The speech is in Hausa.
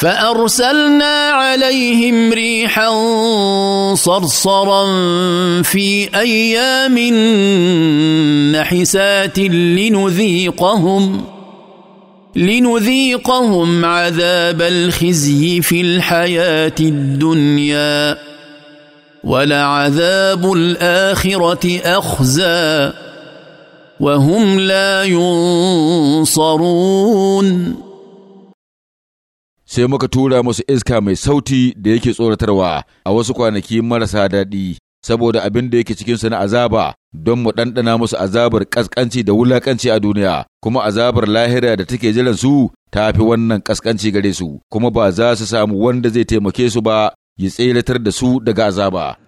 فارسلنا عليهم ريحا صرصرا في ايام نحسات لنذيقهم لنذيقهم عذاب الخزي في الحياه الدنيا ولعذاب الاخره اخزى وهم لا ينصرون sai muka tura musu iska mai sauti da yake tsoratarwa a wasu kwanaki marasa daɗi saboda abin da yake cikinsu na azaba don mu ɗanɗana musu azabar ƙasƙanci da wulaƙanci a duniya kuma azabar lahira da take jiran su ta fi wannan ƙasƙanci gare su kuma ba za su samu wanda zai taimake su ba ya tseratar da su daga azaba.